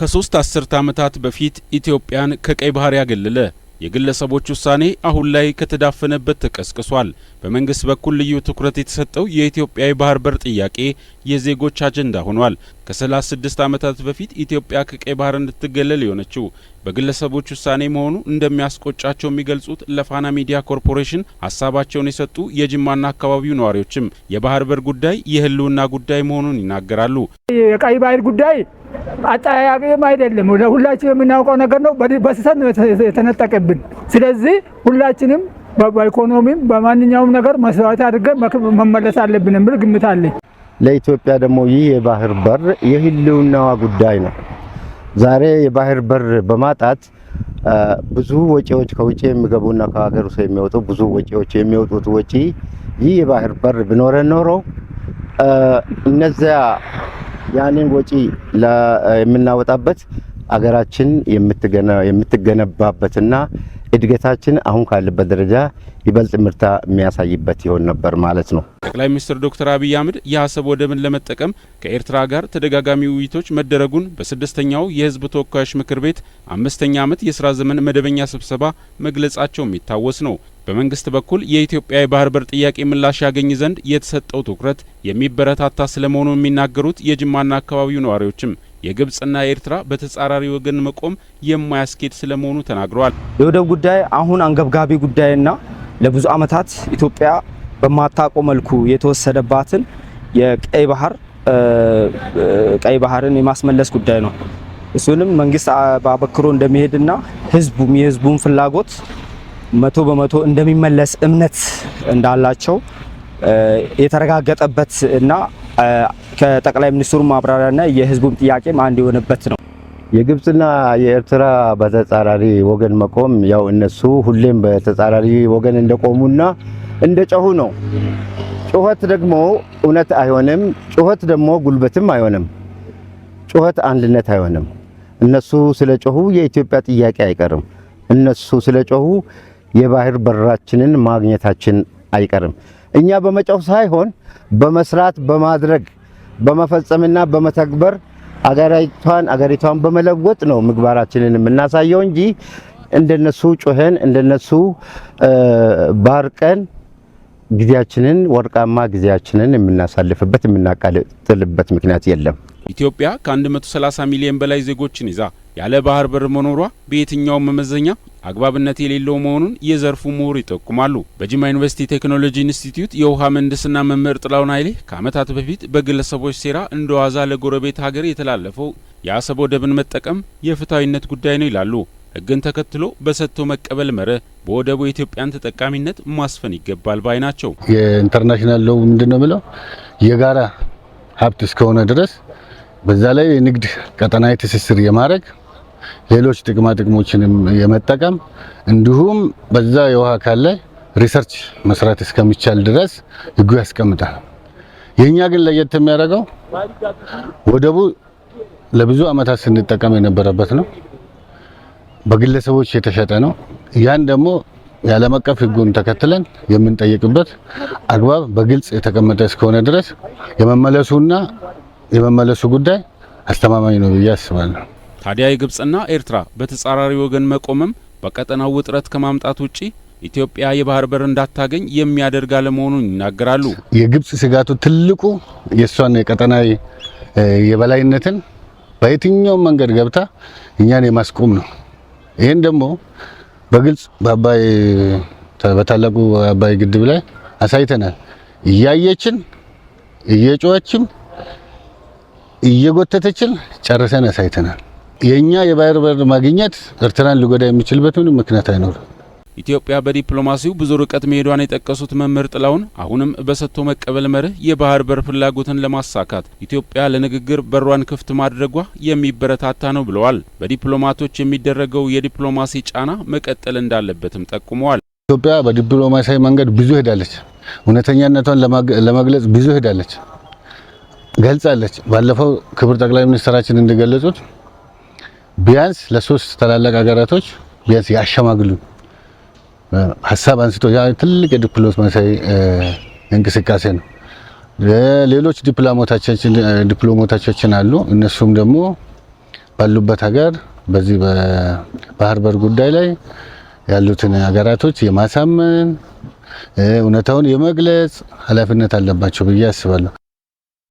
ከሶስት አስርተ ዓመታት በፊት ኢትዮጵያን ከቀይ ባህር ያገለለ የግለሰቦች ውሳኔ አሁን ላይ ከተዳፈነበት ተቀስቅሷል። በመንግስት በኩል ልዩ ትኩረት የተሰጠው የኢትዮጵያ የባህር በር ጥያቄ የዜጎች አጀንዳ ሆኗል። ከ36 ዓመታት በፊት ኢትዮጵያ ከቀይ ባህር እንድትገለል የሆነችው በግለሰቦች ውሳኔ መሆኑ እንደሚያስቆጫቸው የሚገልጹት ለፋና ሚዲያ ኮርፖሬሽን ሀሳባቸውን የሰጡ የጅማና አካባቢው ነዋሪዎችም የባህር በር ጉዳይ የህልውና ጉዳይ መሆኑን ይናገራሉ። የቀይ ባህር ጉዳይ አጠያያቂም አይደለም፣ ለሁላችን የምናውቀው ነገር ነው። በስሰን ነው የተነጠቀብን። ስለዚህ ሁላችንም በኢኮኖሚም በማንኛውም ነገር መስዋዕት አድርገን መመለስ አለብን የሚል ግምት አለኝ። ለኢትዮጵያ ደግሞ ይህ የባህር በር የህልውናዋ ጉዳይ ነው። ዛሬ የባህር በር በማጣት ብዙ ወጪዎች ከውጭ የሚገቡና ከሀገር ውስጥ የሚወጡ ብዙ ወጪዎች የሚወጡት ወጪ ይህ የባህር በር ቢኖረን ኖሮ እነዚያ ያንን ወጪ የምናወጣበት አገራችን የምትገነባበትና እድገታችን አሁን ካለበት ደረጃ ይበልጥ ምርታ የሚያሳይበት ይሆን ነበር ማለት ነው። ጠቅላይ ሚኒስትር ዶክተር አብይ አህመድ የአሰብ ወደብን ለመጠቀም ከኤርትራ ጋር ተደጋጋሚ ውይይቶች መደረጉን በስድስተኛው የህዝብ ተወካዮች ምክር ቤት አምስተኛ ዓመት የስራ ዘመን መደበኛ ስብሰባ መግለጻቸው የሚታወስ ነው። በመንግስት በኩል የኢትዮጵያ የባህር በር ጥያቄ ምላሽ ያገኝ ዘንድ የተሰጠው ትኩረት የሚበረታታ ስለመሆኑ የሚናገሩት የጅማና አካባቢው ነዋሪዎችም የግብጽና የኤርትራ በተጻራሪ ወገን መቆም የማያስኬድ ስለመሆኑ ተናግረዋል። የወደብ ጉዳይ አሁን አንገብጋቢ ጉዳይና ለብዙ ዓመታት ኢትዮጵያ በማታቆ መልኩ የተወሰደባትን የቀይ ባህር ቀይ ባህርን የማስመለስ ጉዳይ ነው። እሱንም መንግስት በአበክሮ እንደሚሄድና ህዝቡም የህዝቡን ፍላጎት መቶ በመቶ እንደሚመለስ እምነት እንዳላቸው የተረጋገጠበት እና ከጠቅላይ ሚኒስትሩ ማብራሪያና የህዝቡም ጥያቄም አንድ የሆነበት ነው። የግብጽና የኤርትራ በተጻራሪ ወገን መቆም ያው እነሱ ሁሌም በተጻራሪ ወገን እንደቆሙና እንደጨሁ ነው። ጩኸት ደግሞ እውነት አይሆንም። ጩኸት ደግሞ ጉልበትም አይሆንም። ጩኸት አንድነት አይሆንም። እነሱ ስለ ጮሁ የኢትዮጵያ ጥያቄ አይቀርም። እነሱ ስለ ጮሁ የባህር በራችንን ማግኘታችን አይቀርም። እኛ በመጫው ሳይሆን በመስራት በማድረግ በመፈጸምና በመተግበር አገሪቷን አገሪቷን በመለወጥ ነው ምግባራችንን የምናሳየው እንጂ እንደነሱ ጮኸን እንደነሱ ባርቀን ጊዜያችንን ወርቃማ ጊዜያችንን የምናሳልፍበት የምናቃልጥልበት ምክንያት የለም። ኢትዮጵያ ከ130 ሚሊዮን በላይ ዜጎችን ይዛ ያለ ባህር በር መኖሯ በየትኛውም መመዘኛ አግባብነት የሌለው መሆኑን የዘርፉ ምሁር ይጠቁማሉ። በጅማ ዩኒቨርሲቲ ቴክኖሎጂ ኢንስቲትዩት የውሃ ምህንድስና መምህር ጥላውን ኃይሌ ከዓመታት በፊት በግለሰቦች ሴራ እንደ ዋዛ ለጎረቤት ሀገር የተላለፈው የአሰብ ወደብን መጠቀም የፍትሐዊነት ጉዳይ ነው ይላሉ። ሕግን ተከትሎ በሰጥቶ መቀበል መርህ በወደቡ የኢትዮጵያን ተጠቃሚነት ማስፈን ይገባል ባይ ናቸው። የኢንተርናሽናል ሎው ምንድን ነው ብለው የጋራ ሀብት እስከሆነ ድረስ በዛ ላይ የንግድ ቀጠናዊ ትስስር የማድረግ ሌሎች ጥቅማ ጥቅሞችንም የመጠቀም እንዲሁም በዛ የውሃ አካል ላይ ሪሰርች መስራት እስከሚቻል ድረስ ህጉ ያስቀምጣል። የእኛ ግን ለየት የሚያደርገው ወደቡ ለብዙ አመታት ስንጠቀም የነበረበት ነው። በግለሰቦች የተሸጠ ነው። ያን ደግሞ የዓለም አቀፍ ህጉን ተከትለን የምንጠይቅበት አግባብ በግልጽ የተቀመጠ እስከሆነ ድረስ የመመለሱና የመመለሱ ጉዳይ አስተማማኝ ነው ብዬ አስባለሁ። ታዲያ የግብጽና ኤርትራ በተጻራሪ ወገን መቆምም በቀጠናው ውጥረት ከማምጣት ውጪ ኢትዮጵያ የባህር በር እንዳታገኝ የሚያደርግ አለመሆኑን ይናገራሉ። የግብጽ ስጋቱ ትልቁ የእሷን የቀጠናዊ የበላይነትን በየትኛውም መንገድ ገብታ እኛን የማስቆም ነው። ይህን ደግሞ በግልጽ በአባይ በታላቁ አባይ ግድብ ላይ አሳይተናል። እያየችን እየጮኸችም እየጎተተችን ጨርሰን አሳይተናል። የእኛ የባህር በር ማግኘት ኤርትራን ሊጎዳ የሚችልበት ምንም ምክንያት አይኖርም። ኢትዮጵያ በዲፕሎማሲው ብዙ ርቀት መሄዷን የጠቀሱት መምህር ጥላውን አሁንም በሰጥቶ መቀበል መርህ የባህር በር ፍላጎትን ለማሳካት ኢትዮጵያ ለንግግር በሯን ክፍት ማድረጓ የሚበረታታ ነው ብለዋል። በዲፕሎማቶች የሚደረገው የዲፕሎማሲ ጫና መቀጠል እንዳለበትም ጠቁመዋል። ኢትዮጵያ በዲፕሎማሲያዊ መንገድ ብዙ ሄዳለች። እውነተኛነቷን ለመግለጽ ብዙ ሄዳለች፣ ገልጻለች። ባለፈው ክብር ጠቅላይ ሚኒስትራችን እንደገለጹት ቢያንስ ለሶስት ታላላቅ ሀገራቶች ቢያንስ ያሸማግሉ ሀሳብ አንስቶ ያ ትልቅ የዲፕሎማሲያዊ እንቅስቃሴ ነው። ሌሎች ዲፕሎማቶቻችን አሉ። እነሱም ደግሞ ባሉበት ሀገር በዚህ በባህር በር ጉዳይ ላይ ያሉትን ሀገራቶች የማሳመን እውነታውን የመግለጽ ኃላፊነት አለባቸው ብዬ አስባለሁ።